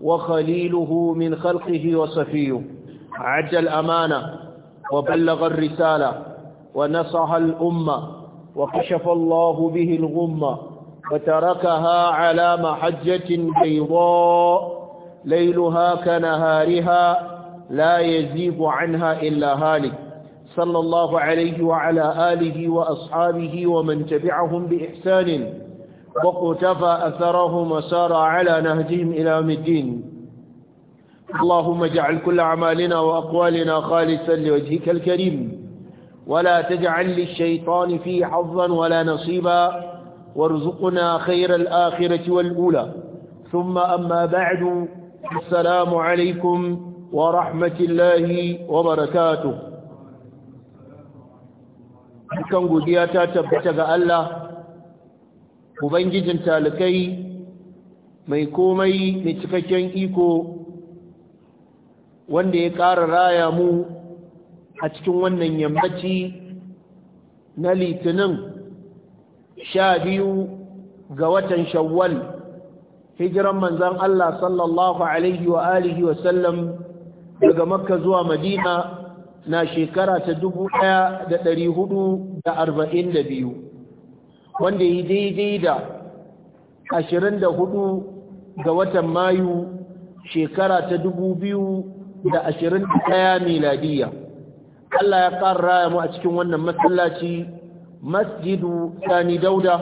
وخليله من خلقه وصفيه عج الأمانة وبلغ الرسالة ونصح الأمة وكشف الله به الغمة وتركها على محجة بيضاء ليلها كنهارها لا يزيب عنها إلا هالك صلى الله عليه وعلى آله وأصحابه ومن تبعهم بإحسان وقتفى أثرهم وسار على نهجهم إلى الدين اللهم اجعل كل أعمالنا وأقوالنا خالصا لوجهك الكريم ولا تجعل للشيطان فيه حظا ولا نصيبا وارزقنا خير الآخرة والأولى ثم أما بعد السلام عليكم ورحمة الله وبركاته كان قد يتاتب تغى ubangijin talikai mai komai mai cikakken iko wanda ya ƙara raya mu a cikin wannan yammaci na litinin sha biyu ga watan shawwal hijiran manzan Allah sallallahu alaihi wa alihi daga makka zuwa madina na shekara ta dubu ɗaya da hudu da arba'in da biyu. wanda yi daidai da ashirin da hudu ga watan mayu shekara ta dubu biyu da ashirin miladiya Allah ya ƙara raya mu a cikin wannan masallaci masjidu sani dauda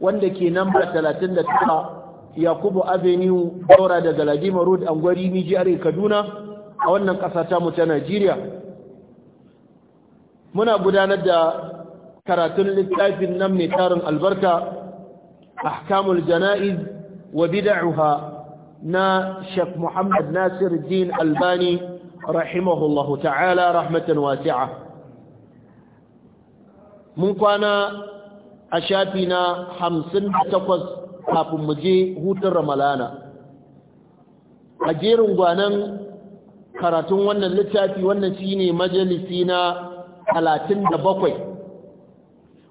wanda ke namba talatin da tara yakubu avenue daura da galadima road angwari nijiyar kaduna a wannan ƙasa mu ta najeriya muna gudanar da karatun littafin nan mai tarin albarka ahkamul jana'iz wa bid'uha na Sheikh Muhammad Nasir Din Albani rahimahullahu ta'ala rahmatan wasi'a mun kwana a shafi na hamsin takwas kafin mu je hutun Ramalana a jerin gwanan karatun wannan littafi wannan shine majalisi na 37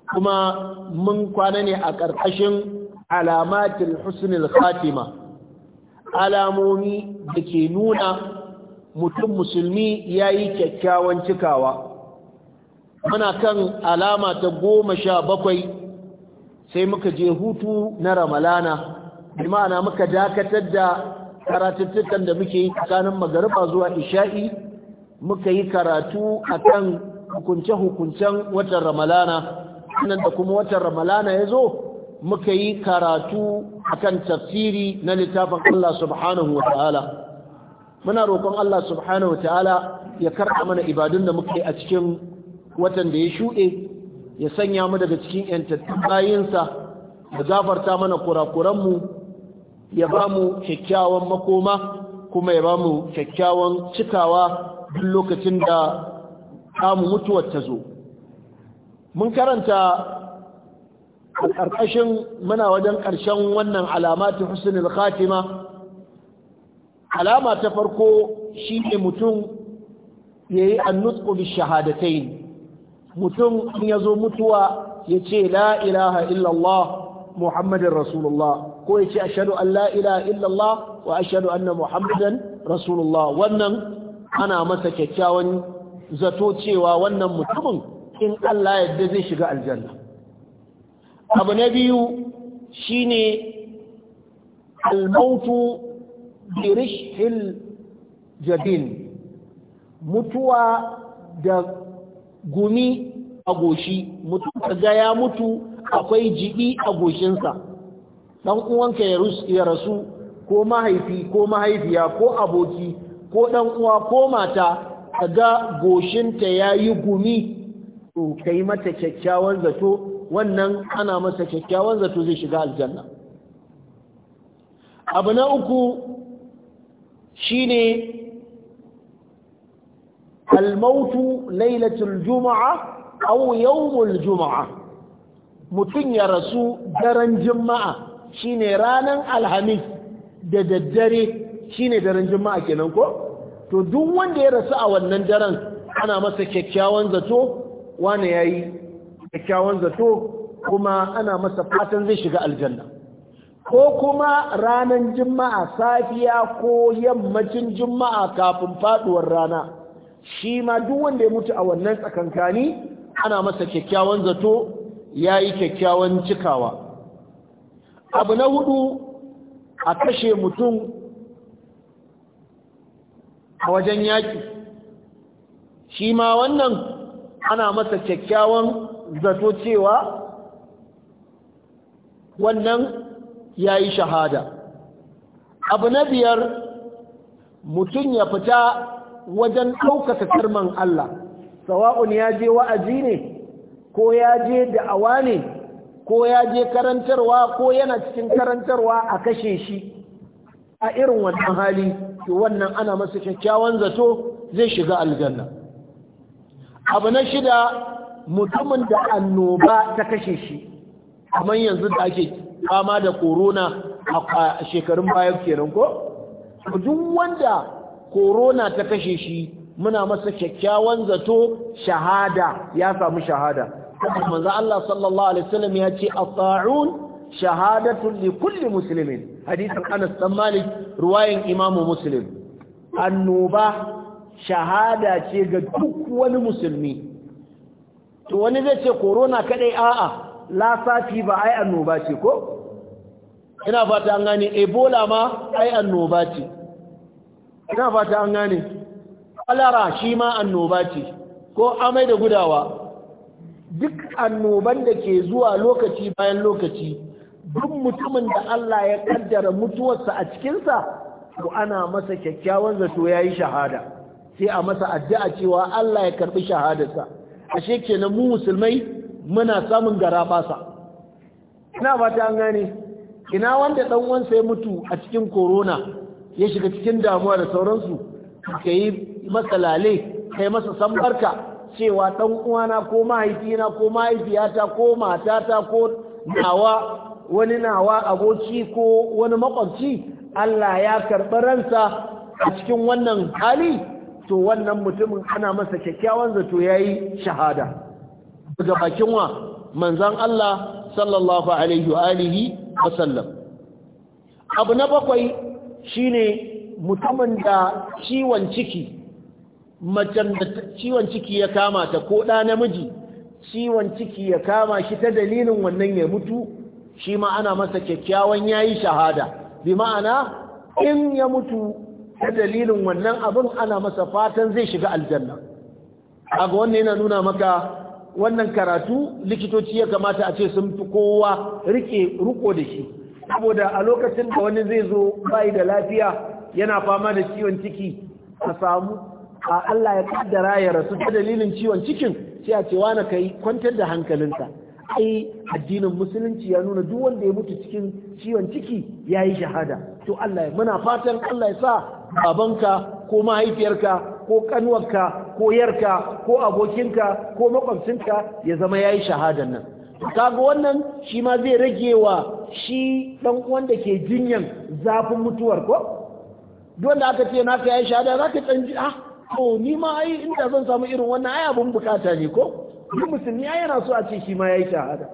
kuma mun kwana ne a ƙarƙashin alamatin husnul khatima alamomi da ke nuna mutum musulmi ya yi kyakkyawan cikawa muna kan alama ta goma sha bakwai sai muka je hutu na ramalana bimana muka dakatar da karatattukan da muke yi tsakanin magarba zuwa isha'i muka yi karatu akan hukunce-hukuncen watan ramalana nan da kuma watan ramalana ya zo muka yi karatu akan tafsiri na littafin Allah subhanahu wa ta'ala muna roƙon Allah subhanahu wa ta'ala ya karɓa mana ibadun da muka yi a cikin watan da ya shuɗe ya sanya mu daga cikin yantattun bayinsa ya gafarta mana kurakuranmu ya ba mu kyakkyawan makoma kuma ya ba mu kyakkyawan cikawa duk lokacin da mu mutuwar ta zo mun karanta a ƙarƙashin muna wajen ƙarshen wannan alamatu husnul khatima alama ta farko shi ne mutum ya yi annutsu bi shahadatain mutum in ya zo mutuwa ya ce la ilaha illallah muhammadin rasulullah ko ya ce ashadu an la ilaha illallah wa ashadu anna muhammadan rasulullah wannan ana masa kyakkyawan zato cewa wannan mutumin in Allah yadda zai shiga aljanna abu na biyu shine almautu bi rishil jadin mutuwa da gumi a goshi mutu ga ya mutu akwai jibi a goshinsa dan uwanka ya rasu ko mahaifi ko mahaifiya ko aboki ko ɗan uwa ko mata ga goshinta yayi gumi to kai mata kyakkyawan zato wannan ana masa kyakkyawan zato zai shiga aljanna abu na uku shine almautu lailatul juma'a aw yawmul juma'a mutun ya rasu daren juma'a shine ranan alhamis da daddare shine daren juma'a kenan ko to duk wanda ya rasu a wannan daren ana masa kyakkyawan zato wane ya yi kyakkyawan zato kuma ana masa fatan zai shiga aljanna ko kuma ranan juma'a safiya ko yammacin juma'a kafin faduwar rana shi ma duk wanda ya mutu a wannan tsakankani ana masa kyakkyawan zato ya yi kyakkyawan cikawa abu na hudu a kashe mutum a wajen yaƙi. shi ma wannan ana masa kyakkyawan zato cewa wannan ya yi shahada abu na biyar mutum ya fita wajen ɗaukaka karman Allah sawa'un ya je wa'azi ne ko ya je da'awa ne ko ya je karantarwa ko yana cikin karantarwa a kashe shi a irin wannan hali wannan ana masa kyakkyawan zato zai shiga aljanna abu na shida mutumin da annoba ta kashe shi kamar yanzu da ake fama da korona a shekarun bayan kenan ko duk wanda korona ta kashe shi muna masa kyakkyawan zato shahada ya samu shahada manzo Allah sallallahu alaihi wasallam ya ce as-sa'un shahadatu li kulli muslimin hadisin Anas dan Malik ruwayan Imam Muslim annoba shahada ce ga duk wani musulmi to wani zai ce corona kadai a'a lasafi ba ai annoba ce ko ina fata an gane ebola ma ai annoba ce ina fata an gane kwalara shi ma annoba ce ko amai da gudawa duk annoban da ke zuwa lokaci bayan lokaci duk mutumin da Allah ya kaddara mutuwarsa a cikinsa to ana masa kyakkyawan zato ya yi shahada sai a masa addu'a cewa Allah ya karbi shahadarsa ashe kenan mu musulmai muna samun garabasa ina fata an gane ina wanda dan uwansa ya mutu a cikin corona ya shiga cikin damuwa da sauransu kai masa lale kai masa sambarka cewa dan uwana ko mahaifina ko mahaifiyata ko matata ko nawa wani nawa aboki ko wani makwabci Allah ya karɓi ransa a cikin wannan hali to wannan mutumin ana masa kyakkyawan zato ya yi shahada daga bakin wa manzan Allah sallallahu alaihi wa alihi wa abu na bakwai shine mutumin da ciwon ciki macen da ciwon ciki ya kama ta ko ɗa namiji ciwon ciki ya kama shi ta dalilin wannan ya mutu shi ma ana masa kyakkyawan yi shahada bi ma'ana in ya mutu ta dalilin wannan abin ana masa fatan zai shiga aljanna kaga wannan yana nuna maka wannan karatu likitoci ya kamata a ce sun fi kowa rike ruko da shi saboda a lokacin da wani zai zo bai da lafiya yana fama da ciwon ciki a samu a Allah ya kaddara ya rasu ta dalilin ciwon cikin sai a ce wani kai kwantar da hankalinka ai addinin musulunci ya nuna duk wanda ya mutu cikin ciwon ciki ya yi shahada to Allah ya muna fatan Allah ya sa babanka ko mahaifiyarka ko kanwarka ko yarka ko abokinka ko makwabcinka ya zama ya yi shahadar nan kaga wannan shi ma zai rage wa shi ɗan wanda ke jinyan zafin mutuwar ko wanda aka ce na ka yi shahada za ka canji ah to ni ma ai inda zan samu irin wannan ai abin bukata ne ko duk musulmi ai yana so a ce shi ma ya yi shahada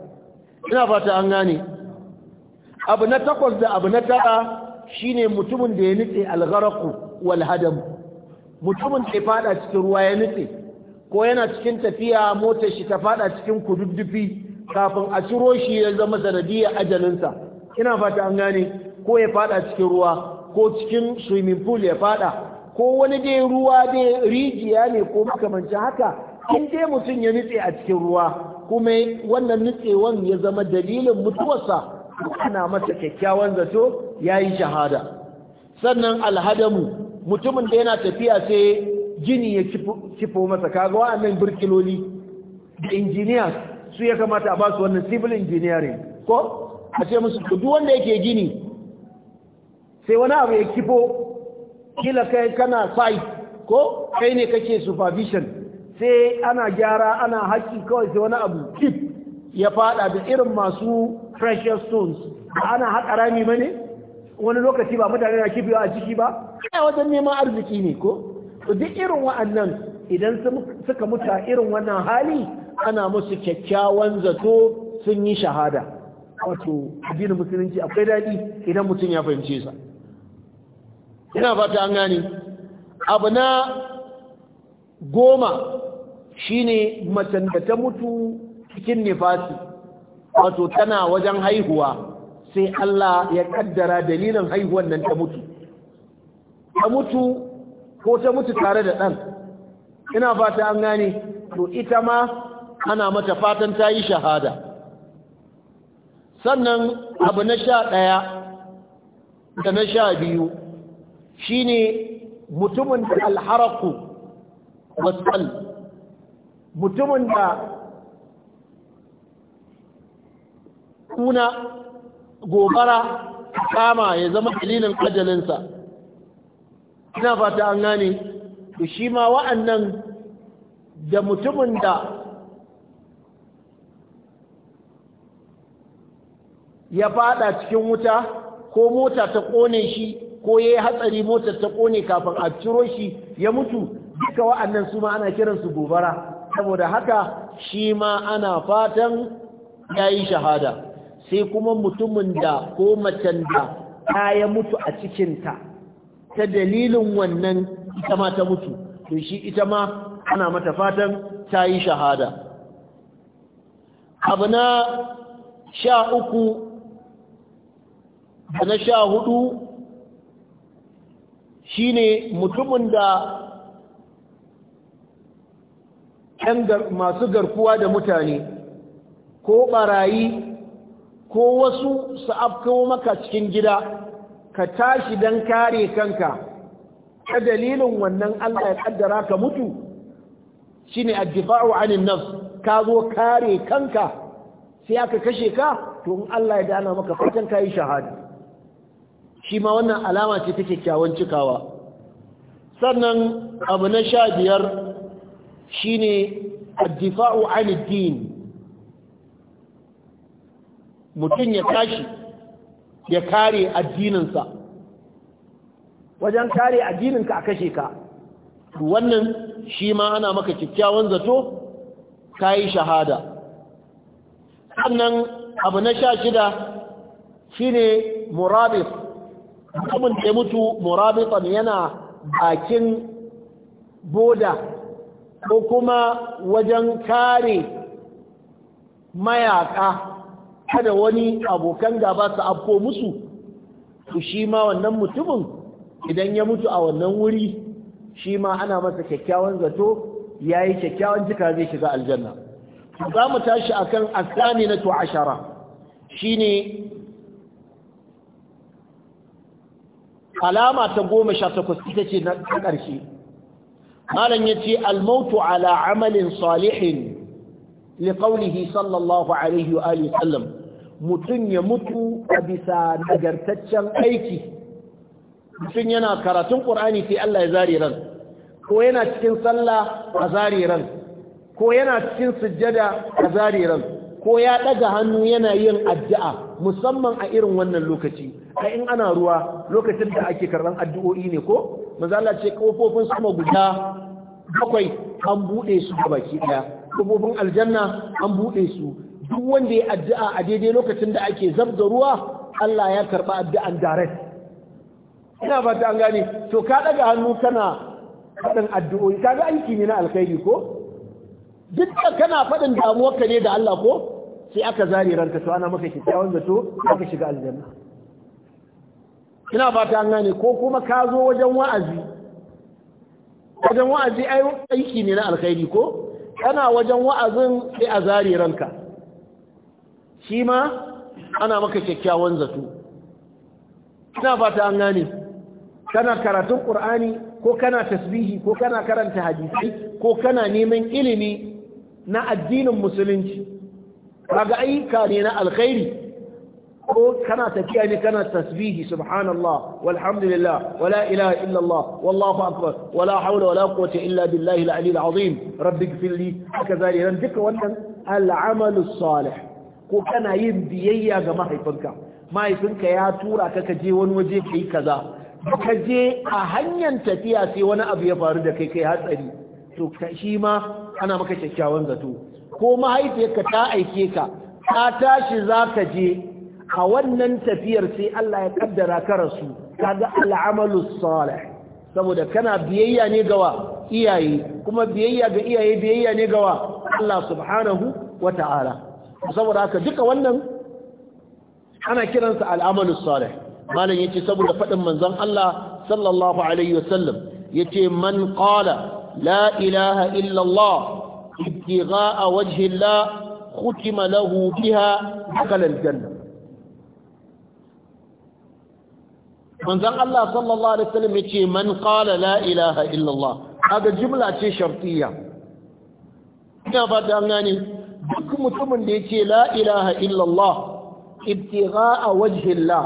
ina fata an gane abu na takwas da abu na tara shine mutumin da ya nitse algharaku wal hadam mutumin da ya fada cikin ruwa ya nitse ko yana cikin tafiya motar shi ta fada cikin kududdufi kafin a ciro shi ya zama sanadiyar ajalinsa ina fata an gane ko ya fada cikin ruwa ko cikin swimming pool ya fada ko wani dai ruwa dai rijiya ne ko makamancin haka in dai mutum ya nitse a cikin ruwa kuma wannan nitsewan ya zama dalilin mutuwarsa ana masa kyakkyawan zato Ya yi shahada sannan alhadamu mutumin da yana tafiya sai gini ya kifo masa kaga wa'annan birkiloli da engineers su ya kamata a basu wannan civil engineering ko a ce musu duk wanda yake gini sai wani abu ya kifo kila kai kana site ko kai ne kake supervision sai ana gyara ana haƙi kawai sai wani abu kif ya fada da irin masu precious stones ba ana haƙa rami ba ne wani lokaci ba mutane na kifewa a ciki ba kai wajen neman arziki ne ko duk irin wa'annan idan suka mutu a irin wannan hali ana musu kyakkyawan zato sun yi shahada wato addinin musulunci akwai daɗi idan mutum ya fahimce sa ina fata an gane abu na goma shine macen da ta mutu cikin nifasi wato tana wajen haihuwa sai Allah ya kaddara dalilin haihuwan nan ta mutu ta mutu ko ta mutu tare da ɗan ina fata an gane to ita ma ana mata fatan ta yi shahada sannan abu na sha ɗaya da na sha biyu shine mutumin da alharaku wasal mutumin da kuna gobara kama ya zama dalilin ajalinsa ina fata an gane to shi ma wa'annan da mutumin da ya fada cikin wuta ko mota ta kone shi ko ya yi hatsari mota ta kone kafin a ciro shi ya mutu duka wa'annan su ma ana kiransu gobara saboda haka shi ma ana fatan ya yi shahada sai kuma mutumin da ko macen da ta ya mutu a cikinta ta dalilin wannan ita ma ta mutu to shi ita ma ana mata fatan ta yi shahada abu na sha uku da na sha hudu shine mutumin da masu garkuwa da mutane ko barayi ko wasu su afkawo maka cikin gida ka tashi don kare kanka ta dalilin wannan Allah ya kaddara ka mutu shine addifa'u anin nafs ka zo kare kanka sai aka kashe ka to in Allah ya dana maka fatan kai shahada shi ma wannan alama ce take kyawun cikawa sannan abu na sha biyar shine addifa'u anid din mutum ya tashi ya kare addininsa wajen kare addininka a kashe ka wannan shi ma ana maka kyakkyawan zato ka yi shahada sannan abu na sha shida shine ne murabit mutumin da mutu murabitan yana bakin boda ko kuma wajen kare mayaka kada wani abokan gaba su afko musu ku shi ma wannan mutumin idan ya mutu a wannan wuri shi ma ana masa kyakkyawan zato ya yi kyakkyawan cika zai shiga aljanna za mu tashi kan Asami na to ashara ne alama ta goma sha takwas ita ce na ƙarshe malam ya ce almautu ala amalin salihin liƙaunihi sallallahu alaihi wa sallam mutum ya mutu a bisa nagartaccen aiki mutum yana karatun ƙur'ani sai Allah ya zare ran ko yana cikin sallah a zare ran ko yana cikin sujjada a zare ran ko ya ɗaga hannu yana yin addu'a musamman a irin wannan lokaci a in ana ruwa lokacin da ake karɓar addu'o'i ne ko mazala ce ƙofofin sama guda bakwai an buɗe su ga baki ɗaya ƙofofin aljanna an buɗe su duk wanda ya addu'a a daidai lokacin da ake zab da ruwa Allah ya karba addu'an direct ina ba ta an gane to ka daga hannu kana faɗin addu'o'i kaga aiki ne na alkhairi ko duk da kana faɗin ka ne da Allah ko sai aka zari ranka to ana maka kyakkyawan zato aka shiga aljanna ina ba ta an gane ko kuma ka zo wajen wa'azi wajen wa'azi aiki ne na alkhairi ko kana wajen wa'azin sai a zari ranka shi ma ana maka kyakkyawan zato ina fata an gane kana karatun qur'ani ko kana tasbihi ko kana karanta hadisi ko kana neman ilimi na addinin musulunci kaga ayyuka ne na alkhairi ko kana tafiya ne kana tasbihi subhanallah walhamdulillah wala ilaha illa Allah wallahu akbar wala hawla wala quwwata illa billahi al-ali al-azim duka wannan al-amalu salih ko kana yin biyayya ga mahaifinka mahaifinka ya tura ka ka je wani waje ka yi kaza ka je a hanyar tafiya sai wani abu ya faru da kai kai hatsari to shi ma ana maka kyakkyawan zato ko mahaifiyarka ta aike ka ka tashi za ka je a wannan tafiyar sai Allah ya kaddara ka rasu kaga al'amalu salih saboda kana biyayya ne wa iyaye kuma biyayya ga iyaye biyayya ne gawa Allah subhanahu wa ta'ala saboda haka duka wannan ana kiransa al'amalu salih malam yace saboda faɗin manzon Allah sallallahu alaihi wasallam yace man qala la ilaha wajhi lahu biha janna Allah sallallahu alaihi wasallam yace man qala la ilaha illa Allah kaga jumla ce shartiyya ina fata an gane duk mutumin da yace la ilaha illallah a wajhillah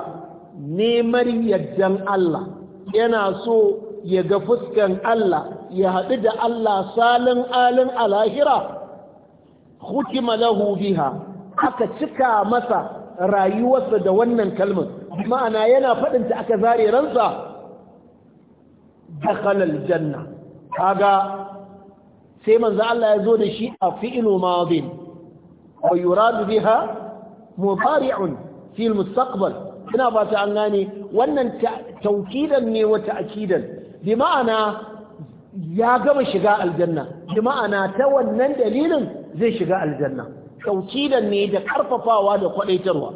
neman yaddan Allah yana so ya ga fuskan Allah ya haɗu da Allah salin alin alahira hutima lahu biha aka cika masa rayuwarsa da wannan kalmar ma'ana yana faɗinta aka zare ransa dakhala janna kaga sai manzo Allah ya zo da shi a fi'lu madin ويراد بها مضارع في المستقبل هنا باتعناني وانن توكيدا وتأكيدا بمعنى يا قبل شقاء الجنة بمعنى تونن دليل زي شقاء الجنة توكيدا يتكرف فاواد قليل تروى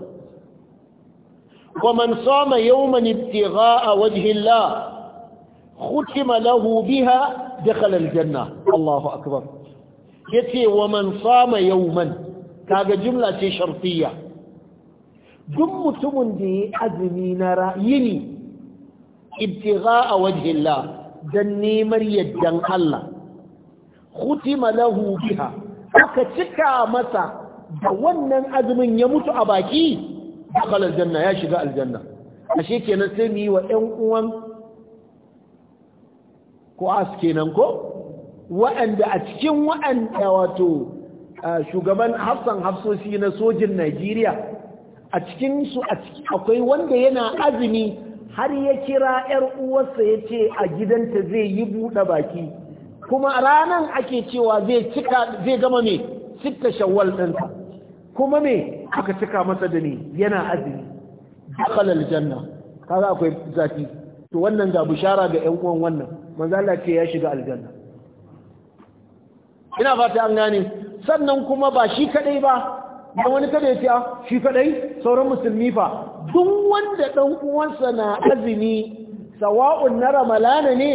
ومن صام يوما ابتغاء وجه الله ختم له بها دخل الجنة الله أكبر يتي ومن صام يوماً kaga jumla ce sharfiya duk mutumin da ya azumi na ra'ayini ibtigha a wajhillah dan neman yaddan Allah khutima lahu biha aka cika masa da wannan azumin ya mutu a baki dakhala aljanna ya shiga aljanna ashe kenan sai mu yi wa ɗan uwan ko as kenan ko wa'anda a cikin wa'anda wato shugaban hafsan hafsoshi na sojin Najeriya a cikin akwai wanda yana azumi har ya kira yar uwarsa ya ce a gidanta zai yi buɗe baki kuma ranar ake cewa zai gama me sitta shawwal ɗinsa kuma me aka cika masa da ne yana azumi dakhala aljanna kaga akwai zafi to wannan ga bushara ga ƴan uwan wannan manzo Allah ya shiga aljanna ina fata an gane sannan kuma ba shi kadai ba da wani kada ya fiya ah, shi kadai sauran musulmi fa duk wanda ɗan uwansa na azumi sawa'un na ramalana ne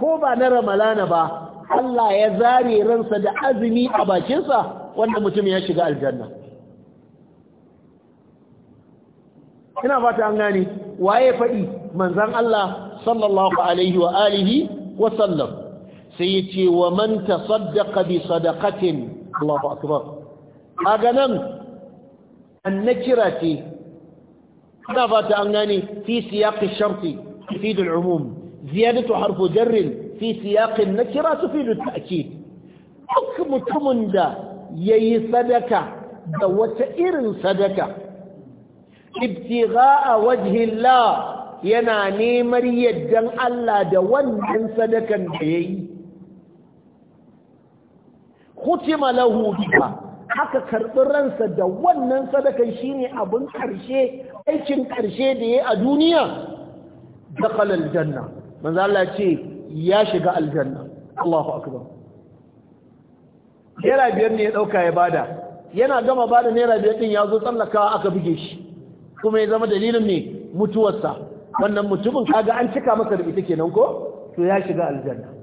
ko ba na ramalana ba Allah ya zare ransa da azumi a bakinsa wanda mutum ya shiga aljanna ina fata an gane waye faɗi manzan Allah sallallahu alaihi wa alihi wa sallam sai ya ce wa man tasaddaqa bi sadaqatin Allahu akbar kaga nan annakira ce ana fata an gane fi siyaqi sharti tufid al ziyadatu harfu jar fi siyaqi an tufid al duk mutumin da yayi sadaka da wata irin sadaka ibtigha'a wajhi Allah yana neman yaddan Allah da wannan sadakan da yayi hutima lahu biha haka karɓi ransa da wannan sadakan shine abun ƙarshe aikin karshe da yayi a duniya dakhala aljanna manzo Allah ce ya shiga aljanna Allahu akbar naira biyar ne ya dauka ya bada yana gama bada naira biyar din ya zo tsallakawa aka buge shi kuma ya zama dalilin ne mutuwarsa wannan mutumin kaga an cika masa da ita kenan ko to ya shiga aljanna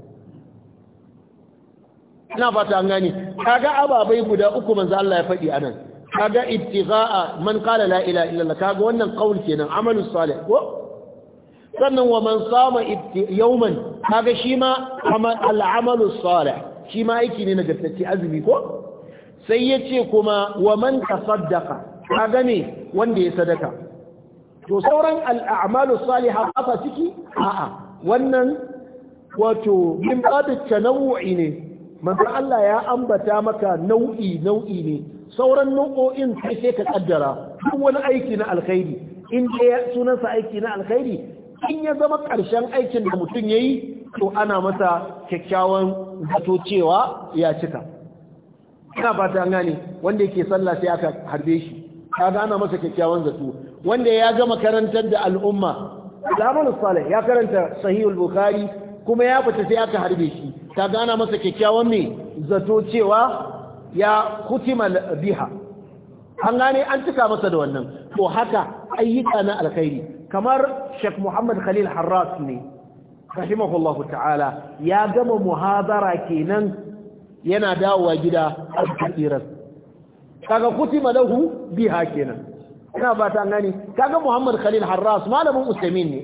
ina fata an gane kaga ababai guda uku manzo Allah ya faɗi anan kaga ittiqa'a man qala la ilaha illallah kaga wannan qaul kenan amalu salih ko sannan wa man sama yawman kaga shi ma al-amalu salih shi ma aiki ne na nagartacce azumi ko sai yace kuma wa man tasaddaqa kaga ne wanda ya sadaka to sauran al-a'malu salihah ba ciki a'a wannan wato min babu tanawu'i ne manzon Allah ya ambata maka nau'i nau'i ne sauran nau'o'in sai sai ka kaddara duk wani aiki na alkhairi in sunansa aiki na alkhairi in ya zama karshen aikin da mutum yayi to ana masa kyakkyawan zato cewa ya cika ina fata an gane wanda yake sallah sai aka harbe shi kaga ana masa kyakkyawan zato wanda ya gama karantar da al'umma al-amal salih ya karanta sahihul bukhari kuma ya fita sai aka harbe shi ta gana masa kyakkyawan mai zato cewa ya kutima biha an gane an cika masa da wannan to haka ayyuka na alkhairi kamar Sheikh Muhammad Khalil Harras ne rahimahullahu ta'ala ya gama muhadara kenan yana dawowa gida al-kafiran kaga kutima lahu biha kenan ina ba ta gani kaga Muhammad Khalil Harras malamin Usaimin ne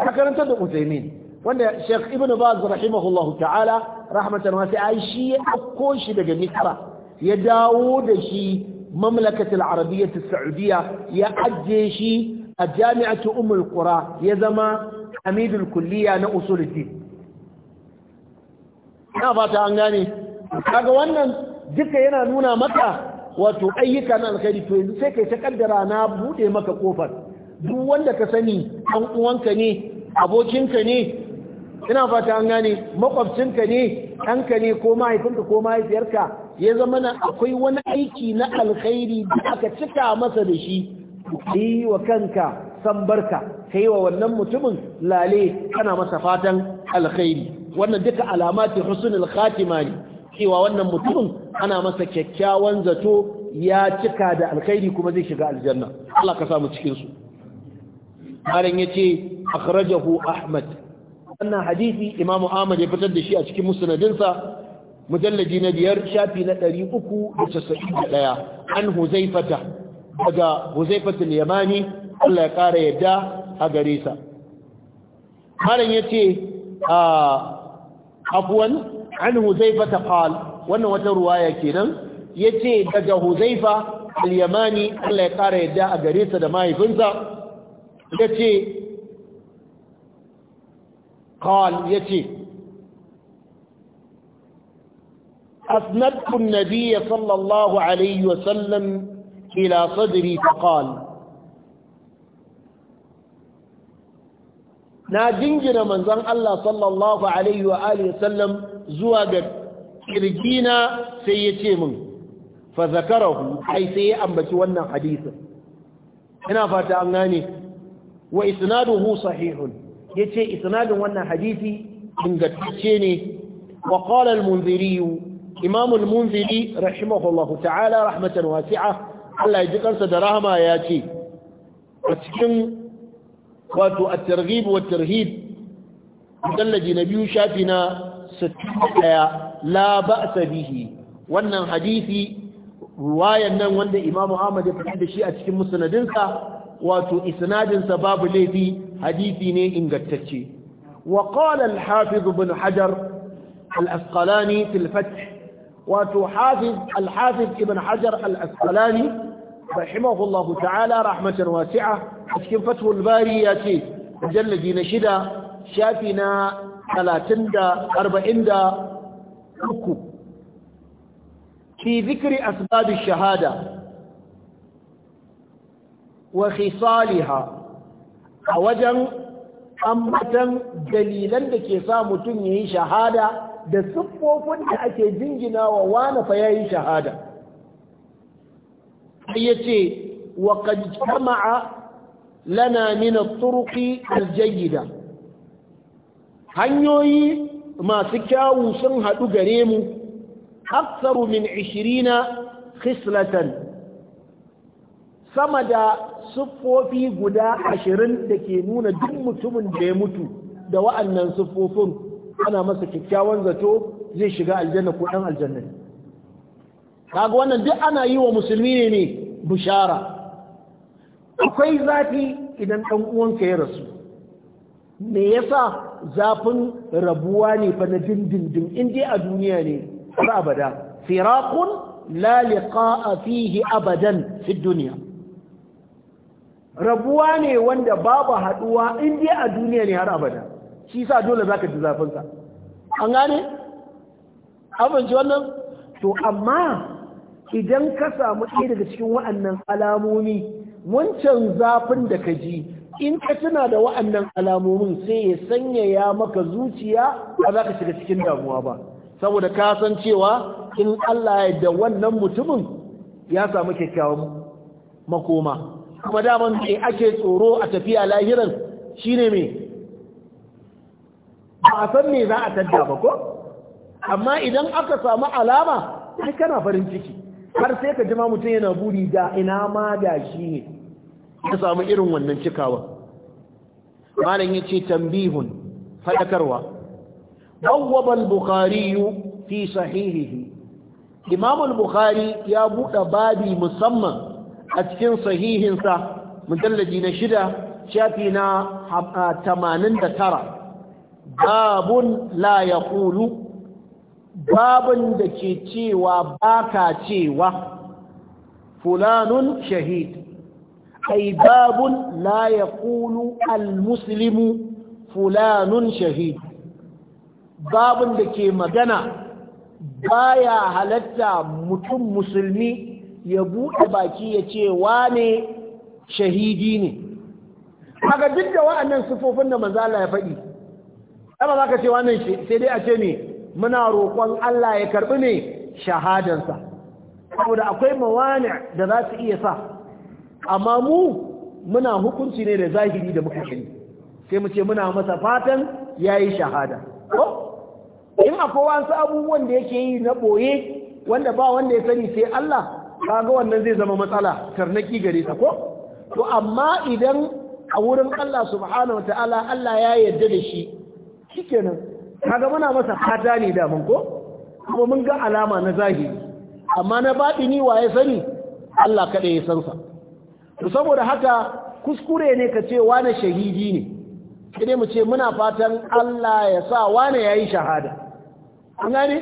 aka karanta da Usaimin wanda Sheikh Ibn Baz rahimahullahu ta'ala rahmatan wasi ai shi ya dauko shi daga Misra ya dawo da shi mamlakatul arabiyyah as-saudiyya ya ajje shi a jami'atu ummul qura ya zama amidul kulliya na usuluddin ina fata an gane kaga wannan duka yana nuna maka wato ayyukan alkhairi to yanzu sai kai ta kaddara na bude maka kofar duk wanda ka sani an uwanka ne abokinka ne ina fata an gane makwabcinka ne ɗanka ne ko mahaifinka ko mahaifiyarka ya zama na akwai wani aiki na alkhairi da aka cika masa da shi yi wa kanka san barka ka yi wa wannan mutumin lale kana masa fatan alkhairi wannan duka alamati husunin khatima ne cewa wannan mutumin ana masa kyakkyawan zato ya cika da alkhairi kuma zai shiga aljanna Allah ka samu cikin su malam yace akhrajahu ahmad wannan hadisi imamu Ahmad ya fitar da shi a cikin musnadinsa mujallaji na biyar shafi na 391 an Huzaifata daga Huzaifatul Yamani Allah ya kara yadda a gare sa malam yace a ah, afwan an Huzaifata qal wannan wata ruwaya kenan yace daga Huzaifa al-Yamani Allah ya kara yadda a gare sa da mahaifinsa yace قال يتي أسندت النبي صلى الله عليه وسلم إلى صدري فقال na jingina manzon Allah sallallahu alaihi sallam zuwa ga kirgina sai ya ce min fa zakarahu sai ya ambaci wannan hadisin ina fata an gane wa isnaduhu sahihun yace isnadin wannan hadisi ingantacce ne wa qala al-munziri imam munziri rahimahullahu ta'ala rahmatan wasi'a Allah ya ji kansa da rahama ya ce a cikin wato a targhib wa at-tarhib na biyu shafi na 61 la ba'sa bihi wannan hadisi ruwayan nan wanda imam Ahmad ya fitar da shi a cikin musnadinsa wato isnadinsa babu laifi hadisi ne ingantacce wa qala al-hafiz ibn hajar al-asqalani fil fath wato hafiz al-hafiz ibn hajar al-asqalani rahimahullahu ta'ala rahmatan wasi'a cikin fathul bari yace mujalladi na shida shafi na 30 da 40 da uku fi zikri asbab ash-shahada wa khisaliha a wajen ambatan dalilan da ke sa mutum yayi shahada da siffofin da ake jingina wa wani fa yayi shahada yace wa qad jama'a lana min at-turuqi hanyoyi masu kyawu sun haɗu gare mu aksaru min 20 khislatan sama da siffofi guda ashirin da ke nuna duk mutumin da ya mutu da wa'annan siffofin ana masa kyakkyawan zato zai shiga aljanna ko ɗan aljanna ne kaga wannan duk ana yi wa musulmi ne ne bishara akwai zafi idan ɗan uwanka ya rasu me yasa zafin rabuwa ne fa na dindindin in dai a duniya ne har abada firakun la liqa'a fihi abadan fi duniya rabuwa ne wanda babu haduwa indiya a duniya ne har abada shi sa dole zaka ji zafin an gane abinci wannan to amma idan ka samu ɗaya daga cikin wa'annan alamomi wancan zafin da ka ji in ka tuna da wa'annan alamomin sai ya sanyaya maka zuciya ba za ka shiga cikin damuwa ba saboda ka san cewa in Allah ya da wannan mutumin ya samu kyakkyawan makoma kuma daman ke ake tsoro a tafiya lahiran shine me ba a san me za a tadda ba ko amma idan aka samu alama sai kana farin ciki har sai ka jima mutum yana buri da ina ma da shi ne ya samu irin wannan cikawa malam yace tambihun faɗakarwa. bawwaba al-bukhari fi sahihihi imam al-bukhari ya buɗe babi musamman a cikin sahihinsa mujallaji na shida shafi na tamanin da tara babun la ya kulu babun da ke cewa baka cewa fulanun shahid ai babun la ya kulu almuslimu fulanun shahid babun da ke magana baya halatta mutum musulmi ya buɗe baki ya ce ne shahidi ne haka duk da wa'annan sufofin da manzala ya faɗi ɗaba za ka ce wannan sai dai a ce ne muna roƙon Allah ya karɓi ne shahadansa saboda akwai mawani da za su iya sa amma mu muna hukunci ne da zahiri da muka gani sai mu ce muna masa fatan ya yi shahada in akwai wasu abubuwan da yake yi na ɓoye wanda ba wanda ya sani sai Allah kaga wannan zai zama matsala tarnaki gare ta ko to amma idan a wurin Allah subhanahu wataala Allah ya yarda da shi shikenan kaga muna masa fata ne da mun ko kuma mun ga alama na zahiri amma na batini wa ya sani Allah kada ya san to saboda haka kuskure ne ka ce wani shahidi ne sai mu ce muna fatan Allah ya sa wane yayi shahada an gane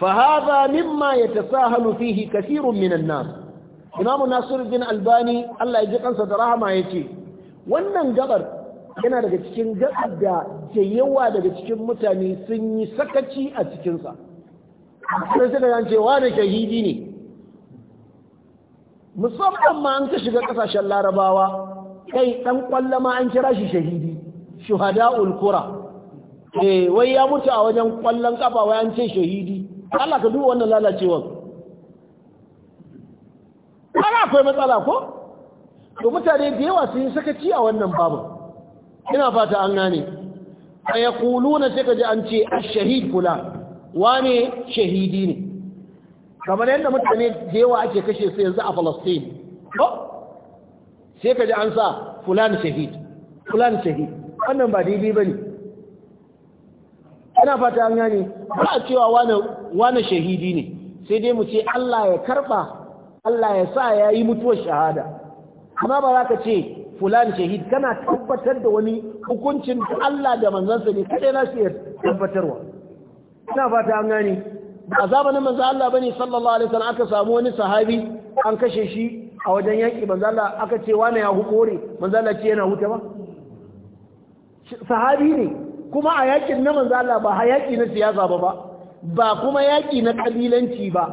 فهذا مما يتساهل فيه كثير من الناس إمام albani allah ya ji يجيك Rahama ya ce. wannan gabar yana daga cikin gabar da ke yawa daga cikin mutane sun yi sakaci a cikinsa sai suka yance wani shahidi ne musamman ma an shiga kasashen larabawa kai dan kwalla ma an kira shi shahidi shuhada'ul qura eh wai ya mutu a wajen kwallon kafa wai an ce shahidi Allah ka duba wannan lalacewar ana akwai matsala ko to mutane da yawa sun yi sakaci a wannan babu ina fata an gane a ya kuluna sai ka ji an ce a shahid kula wane shahidi ne kamar yadda mutane da yawa ake kashe su yanzu a falastin ko sai ka ji an sa fulani shahid fulani shahid wannan ba daidai ba ne ina fata an gane ba a cewa wane shahidi ne sai dai mu ce Allah ya karba Allah ya sa ya yi mutuwar shahada amma ba za ka ce fulan shahid kana tabbatar da wani hukuncin da Allah da manzansa ne kaɗai na shi tabbatarwa ina fata an gane ba a zamanin manzan Allah bane sallallahu alaihi wasallam aka samu wani sahabi an kashe shi a wajen yaki manzan Allah aka ce wane ya hukore manzan Allah ce yana huta ba sahabi ne kuma a yakin na manzo Allah ba hayaki na siyasa ba ba ba kuma yaki na kabilanci ba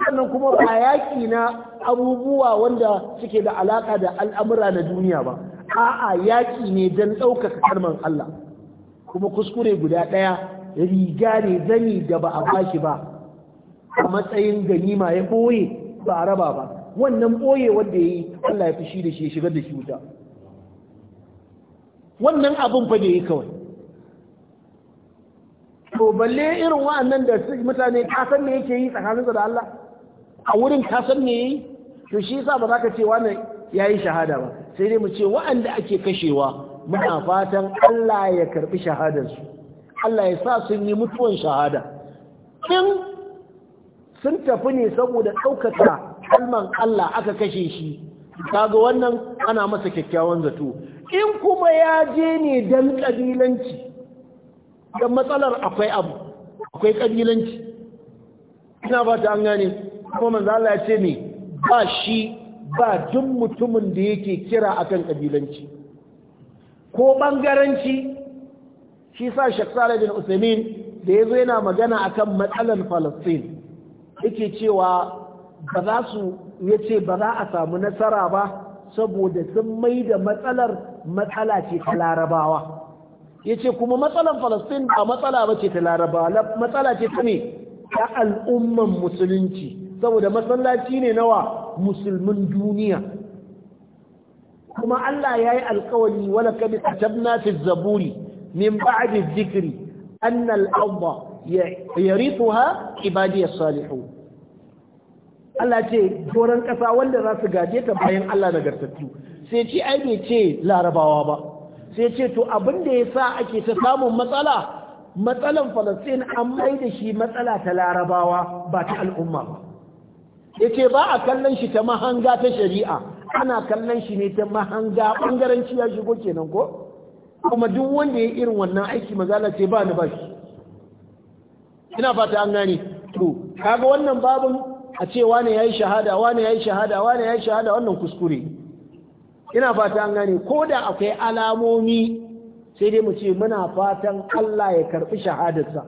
sannan kuma ba yaki na abubuwa wanda suke da alaka da al'amura na duniya ba a'a yaki ne don ɗaukaka kalman Allah kuma kuskure guda ɗaya riga ne zani da ba a bashi ba a matsayin ganima ya ɓoye ba a raba ba wannan ɓoye wanda ya yi Allah ya fi da shi shigar da shi wuta wannan abin fa da ya kawai to balle irin wa'annan da mutane kasan san yake yi tsakaninsa da Allah a wurin kasan san me yi to shi yasa ba za ka ce wannan yayi shahada ba sai dai mu ce wa'anda ake kashewa muna fatan Allah ya karbi su Allah ya sa sun yi mutuwan shahada in sun tafi ne saboda ɗaukaka kalman Allah aka kashe shi kaga wannan ana masa kyakkyawan zato in kuma ya je ne dan kabilanci Idan matsalar akwai abu akwai ƙabilanci ina ba ta an gane kuma manza Allah ya ce ne ba shi ba duk mutumin da yake kira akan ƙabilanci ko ɓangaranci shi sa shaksala bin usamin da ya zo yana magana a kan matsalar falastin yake cewa ba za su ya ce ba za a samu nasara ba saboda sun mai da matsalar matsala ce ta larabawa Ya ce kuma matsalan Falastin ba matsala bace ta Laraba matsala ce ta ne ta al'umman musulunci saboda masallaci ne nawa musulmin duniya kuma Allah yayi wani wala kad katabna fi zaburi min ba'di dhikri anna al-ardha yarithuha ibadiy as Salihu. Allah ce doron ƙasa wanda za su gaje ta bayan Allah nagartattu sai ci ai bai ce larabawa ba sai ce to abin da ya sa ake ta samun matsala matsalan falastin an mai da shi matsala ta larabawa ba ta al'umma ba ya ce ba a kallon shi ta mahanga ta shari'a ana kallon shi ne ta mahanga ɓangaranci ya shigo kenan ko kuma duk wanda ya irin wannan aiki mazala ce ba ni ba shi ina fata an gani to kaga wannan babin a ce wane yi shahada wane ya yi shahada wane ya yi shahada wannan kuskure ina fata an gane ko da akwai alamomi sai dai mu ce muna fatan Allah ya karɓi shahadarsa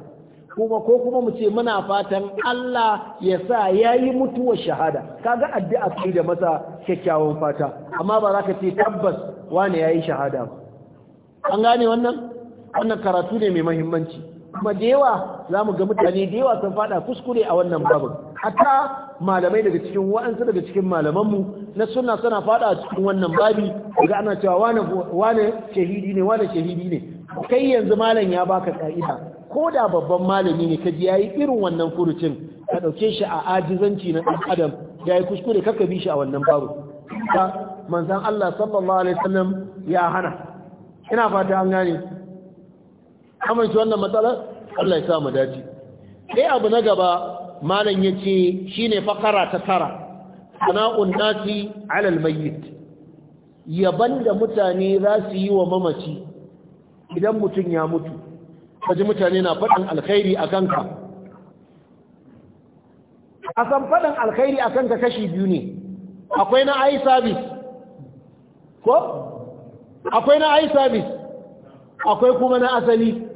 kuma ko kuma mu ce muna fatan Allah ya sa yayi yi mutuwar shahada kaga addu'a kai da masa kyakkyawan fata amma ba za ka ce tabbas wani yayi shahada ba an gane wannan wannan karatu ne mai muhimmanci. kuma da yawa za mu ga mutane da yawa sun fada kuskure a wannan babin hatta malamai daga cikin wa'ansu daga cikin malamanmu na suna suna fada cikin wannan babi daga ana cewa wane wane shahidi ne wane shahidi ne kai yanzu malam ya baka ka'ida ko da babban malami ne ka ji yayi irin wannan furucin ka ɗauke shi a ajizanci na dan adam yayi kuskure kaka bi shi a wannan babu manzon Allah sallallahu alaihi wasallam ya hana ina fata an gane amince wannan matsalar Allah ya sa mu dace sai abu na gaba malam yace shine fakara ta tara sana'un nasi ala almayyit yaban da mutane za su yi wa mamaci idan mutum ya mutu kaji mutane na faɗin alkhairi a kanka a san faɗin alkhairi a kanka kashi biyu ne akwai na ai service ko akwai na ai service akwai kuma na asali